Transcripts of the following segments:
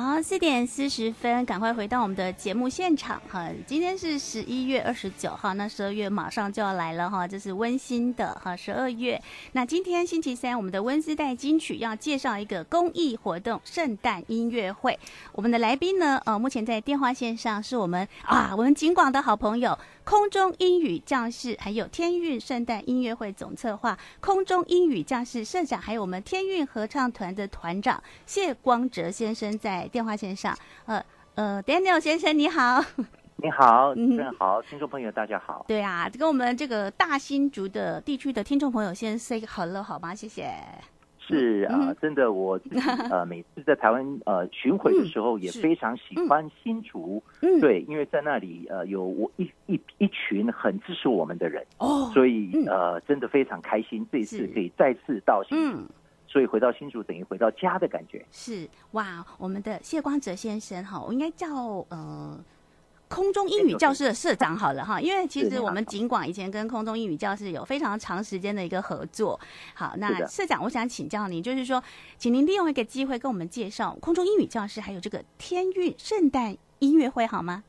好，四點四十分，趕快回到我們的節目現場哈。今天是十一月二十九號，那十二月馬上就要來了哈，這是溫馨的哈十二月。那今天星期三，我們的溫絲代金曲要介紹一個公益活動——聖誕音樂會。我們的來賓呢，呃，目前在電話線上是我們啊，我們警廣的好朋友空中英語教室，還有天韻聖誕音樂會總策劃空中英語教室社長，還有我們天韻合唱團的團長謝光哲先生在。電話線上，呃呃，Daniel 先生你好，你好，好嗯，好，聽眾朋友大家好，對啊，跟我們這個大新竹的地區的聽眾朋友先 say hello 好嗎？謝謝。是啊，嗯、真的我自己呃每次在台灣呃巡迴的時候也非常喜歡新竹，嗯嗯嗯、對，因為在那裡呃有我一一一群很支持我們的人，哦，所以、嗯、呃真的非常開心，這一次可以再次到新竹。所以回到新竹等於回到家的感覺是哇，我們的謝光哲先生哈，我應該叫呃空中英語教室的社長好了哈、嗯，因為其實我們警廣以前跟空中英語教室有非常長時間的一個合作。好，那社長，我想請教您，就是說，請您利用一個機會跟我們介紹空中英語教室，還有這個天韻聖誕音樂會好嗎？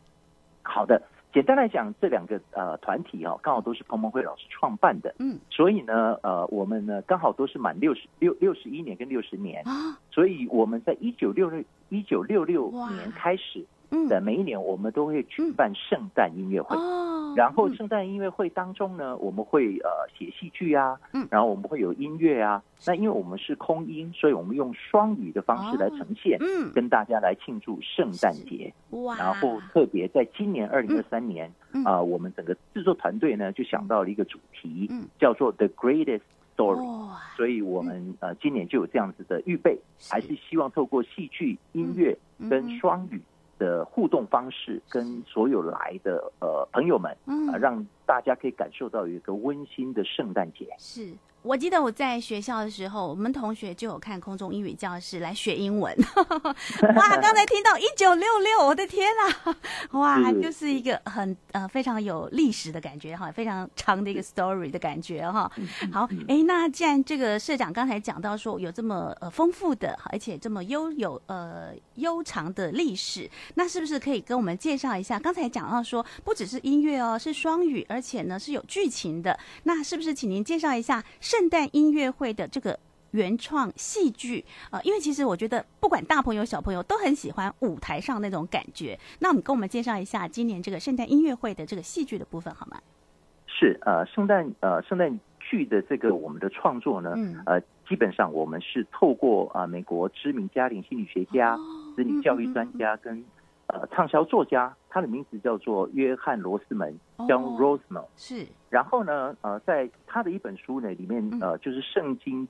好的。簡單來講，這兩個呃團體啊、哦，剛好都是彭蒙惠老師創辦的，嗯，所以呢，呃，我們呢剛好都是滿六十六六十一年跟六十年、啊，所以我們在一九六六一九六六年開始的每一年，我們都會舉辦聖誕音樂會。然後聖誕音樂會當中呢，嗯、我們會呃寫戲劇啊，嗯，然後我們會有音樂啊、嗯。那因為我們是空英，所以我們用雙語的方式來呈現，哦、嗯，跟大家來慶祝聖誕節。哇！然後特別在今年二零二三年，啊、嗯呃，我們整個製作團隊呢就想到了一個主題，嗯、叫做 The Greatest Story、哦。所以我們呃、嗯、今年就有這樣子的預備、嗯，還是希望透過戲劇、音樂跟雙語。嗯嗯嗯的互動方式跟所有來的呃朋友們，嗯、啊，讓大家可以感受到一個溫馨的聖誕節。是。我記得我在學校的時候，我們同學就有看空中英語教室來學英文。 哇，剛才聽到一九六六，我的天吶啊，哇，就是一個很呃非常有歷史的感覺哈，非常長的一個 story 的感覺哈。好，哎，那既然這個社長剛才講到說有這麼呃豐富的，而且這麼悠有呃悠長的歷史，那是不是可以跟我們介紹一下？剛才講到說不只是音樂哦，是雙語，而且呢是有劇情的。那是不是請您介紹一下聖？聖誕音樂會的這個原創戲劇呃，因為其實我覺得不管大朋友小朋友都很喜歡舞台上那種感覺。那你跟我們介紹一下今年這個聖誕音樂會的這個戲劇的部分好嗎？是呃，聖誕呃聖誕劇的這個我們的創作呢、嗯，呃，基本上我們是透過啊、呃、美國知名家庭心理學家、哦、子女教育專家跟、嗯。嗯嗯嗯呃，暢銷作家，他的名字叫做約翰·羅斯門 j Rosmo），是。然後呢，呃，在他的一本書呢裡面，呃，就是《聖經》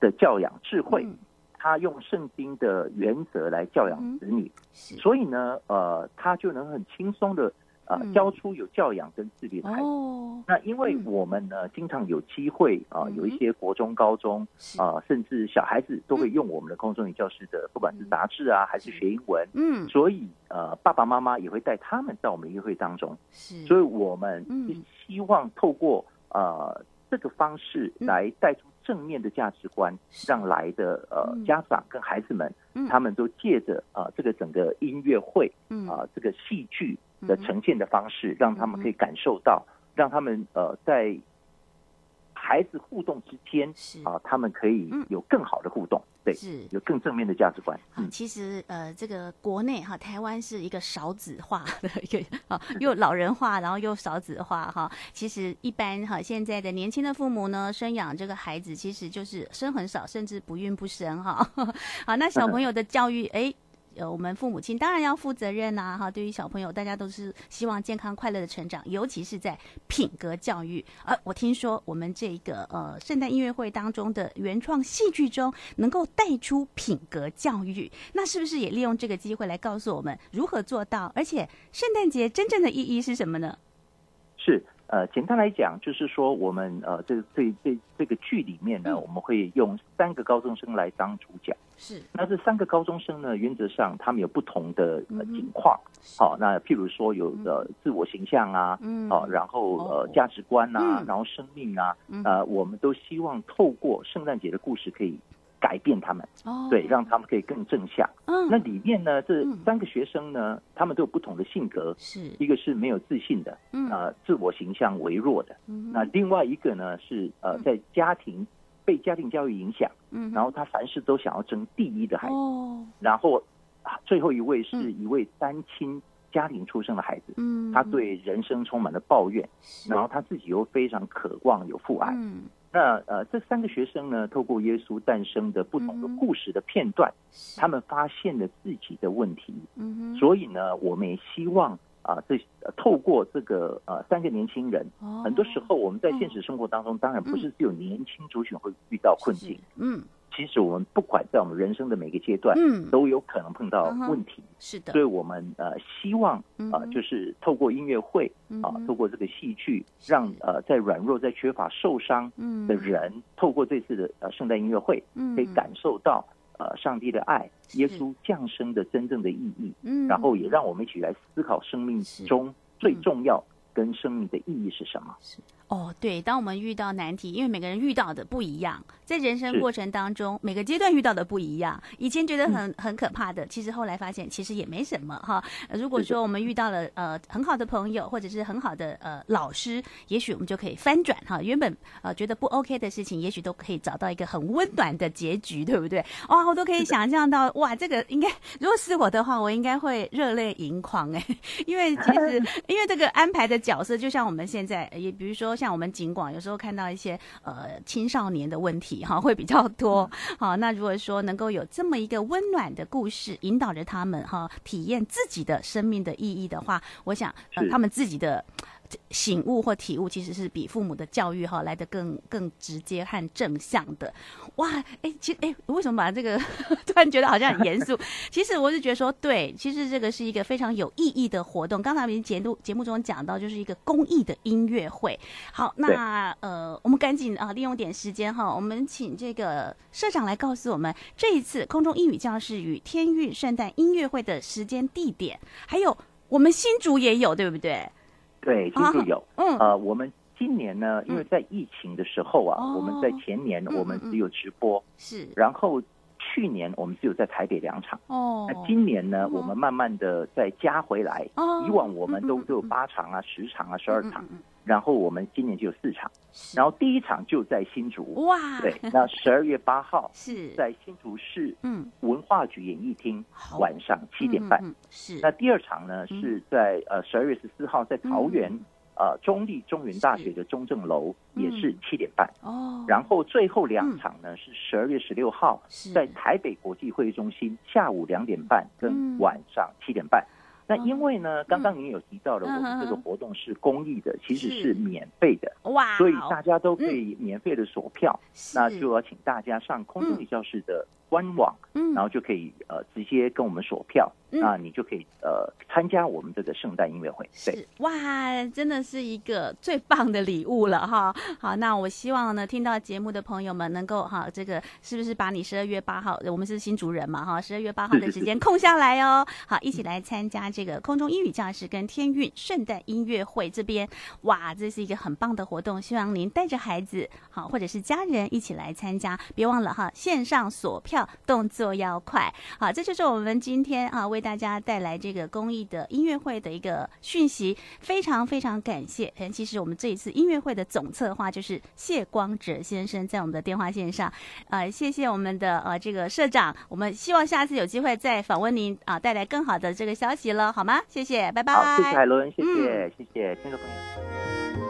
的教養智慧，嗯、他用《聖經》的原則來教養子女、嗯，所以呢，呃，他就能很輕鬆的。啊、呃，教出有教養跟自律的孩子。哦、那因為我們呢，嗯、經常有機會啊、呃，有一些國中、高中啊、嗯呃，甚至小孩子都會用我們的空中英語教室的、嗯，不管是雜誌啊，還是學英文。嗯，所以呃，爸爸媽媽也會帶他們到我們音樂會當中。是，所以我們是希望透過啊。嗯呃這個方式來帶出正面的價值觀，讓來的呃家長跟孩子們，他們都借着啊這個整個音樂會，啊這個戲劇的呈現的方式，讓他們可以感受到，讓他們呃在。孩子互動之間是啊，他們可以有更好的互動，嗯、對是，有更正面的價值觀。嗯、其實呃，這個國內哈，台灣是一個少子化的一個啊， 又老人化，然後又少子化哈。其實一般哈，現在的年輕的父母呢，生養這個孩子其實就是生很少，甚至不孕不生哈。好，那小朋友的教育、嗯誒我們父母親當然要負責任吶，哈！對於小朋友，大家都是希望健康快樂的成長，尤其是在品格教育。而我聽說，我們這個呃聖誕音樂會當中的原創戲劇中，能夠帶出品格教育，那是不是也利用這個機會來告訴我們如何做到？而且，聖誕節真正的意義是什麼呢？是。呃，簡單來講，就是說我們呃，這這這這個劇裡面呢，嗯，我們會用三個高中生來當主角。是，那這三個高中生呢，原則上他們有不同的、呃嗯、情況。好、哦，那譬如說有的自我形象啊，嗯，然後呃、哦、價值觀啊、嗯，然後生命啊、嗯，呃，我們都希望透過聖誕節的故事可以。改變他們，oh, 對，讓他們可以更正向。嗯，那裡面呢，這三個學生呢，嗯、他們都有不同的性格。是，一個是沒有自信的，嗯、呃，自我形象微弱的。嗯、那另外一個呢，是呃，在家庭、嗯、被家庭教育影響，嗯，然後他凡事都想要爭第一的孩子。哦。然後，最後一位是一位單親家庭出生的孩子。嗯。他對人生充滿了抱怨，是，然後他自己又非常渴望有父愛。嗯。那呃，這三個學生呢，透過耶穌誕生的不同的故事的片段，嗯、他們發現了自己的問題。嗯，所以呢，我們也希望啊、呃，這、呃、透過這個呃，三個年輕人、哦，很多時候我們在現實生活當中、嗯，當然不是只有年輕族群會遇到困境。嗯。其實我們不管在我們人生的每個階段，嗯，都有可能碰到問題，嗯、是的。所以，我們呃希望啊、嗯，就是透過音樂會、嗯、啊，透過這個戲劇，嗯、讓呃在軟弱、在缺乏、受傷的人、嗯，透過這次的呃聖誕音樂會，嗯、可以感受到呃上帝的愛，耶穌降生的真正的意義，嗯，然後也讓我們一起來思考生命中最重要跟生命的意義是什麼。是。嗯哦，對，當我們遇到難題，因為每個人遇到的不一樣，在人生過程當中，每個階段遇到的不一樣。以前覺得很很可怕的，其實後來發現其實也沒什麼哈。如果說我們遇到了呃很好的朋友，或者是很好的呃老師，也許我們就可以翻轉哈，原本呃覺得不 OK 的事情，也許都可以找到一個很溫暖的結局，對不對？哇、哦，我都可以想象到哇，這個應該如果是我的話，我應該會熱淚盈眶誒。因為其實因為這個安排的角色，就像我們現在也比如說。像我們儘管有時候看到一些呃青少年的問題哈、啊，會比較多。好、嗯啊，那如果說能夠有這麼一個溫暖的故事，引導着他們哈、啊，體驗自己的生命的意義的話，我想嗯、呃，他們自己的。醒悟或體悟，其實是比父母的教育哈來的更更直接和正向的。哇，哎，其實哎，為什麼把這個呵呵突然覺得好像很嚴肅？其實我是覺得說，對，其實這個是一個非常有意義的活動。剛才我們節目節目中講到，就是一個公益的音樂會。好，那呃，我們趕緊啊，利用點時間哈，我們請這個社長來告訴我們這一次空中英語教室與天韻聖誕音樂會的時間、地點，還有我們新竹也有，對不對？對，就是有、啊嗯。呃，我們今年呢，因為在疫情的時候啊，嗯、我們在前年我們只有直播，哦嗯嗯、是。然後去年我們只有在台北兩場。哦。那今年呢，嗯、我們慢慢的再加回來。哦、以往我們都只有八場啊、嗯，十場啊，嗯、十二場。嗯嗯嗯然後我們今年就有四場，然後第一場就在新竹哇，對，那十二月八號是在新竹市嗯，文化局演藝廳晚上七點半，嗯、是，那第二場呢是在呃十二月十四號在桃園、嗯、呃中立中原大學的中正樓是也是七點半哦，然後最後兩場呢、嗯、是十二月十六號在台北國際會議中心下午兩點半跟晚上七點半。嗯嗯那因為呢，剛剛您有提到了，我們這個活動是公益的，嗯、其實是免費的，哇，所以大家都可以免費的索票、嗯。那就要請大家上空中英語教室的官網，然後就可以、嗯、呃直接跟我們索票。那你就可以、嗯、呃參加我們這個聖誕音樂會，是哇，真的是一個最棒的禮物了哈。好，那我希望呢聽到節目的朋友們能夠哈，這個是不是把你十二月八號，我們是新竹人嘛哈，十二月八號的時間空下來哦。是是是。好，一起來參加這個空中英語教室跟天韻聖誕音樂會這邊、嗯，哇，這是一個很棒的活動，希望您帶着孩子好或者是家人一起來參加，別忘了哈，線上鎖票動作要快。好，這就是我們今天啊為。大家帶來這個公益的音樂會的一個訊息，非常非常感謝。其實我們這一次音樂會的總策劃就是謝光哲先生在我們的電話線上，呃，謝謝我們的呃這個社長，我們希望下次有機會再訪問您啊，呃、帶來更好的這個消息了，好嗎？謝謝，拜拜。好、嗯，謝謝海倫，謝謝謝謝聽眾朋友。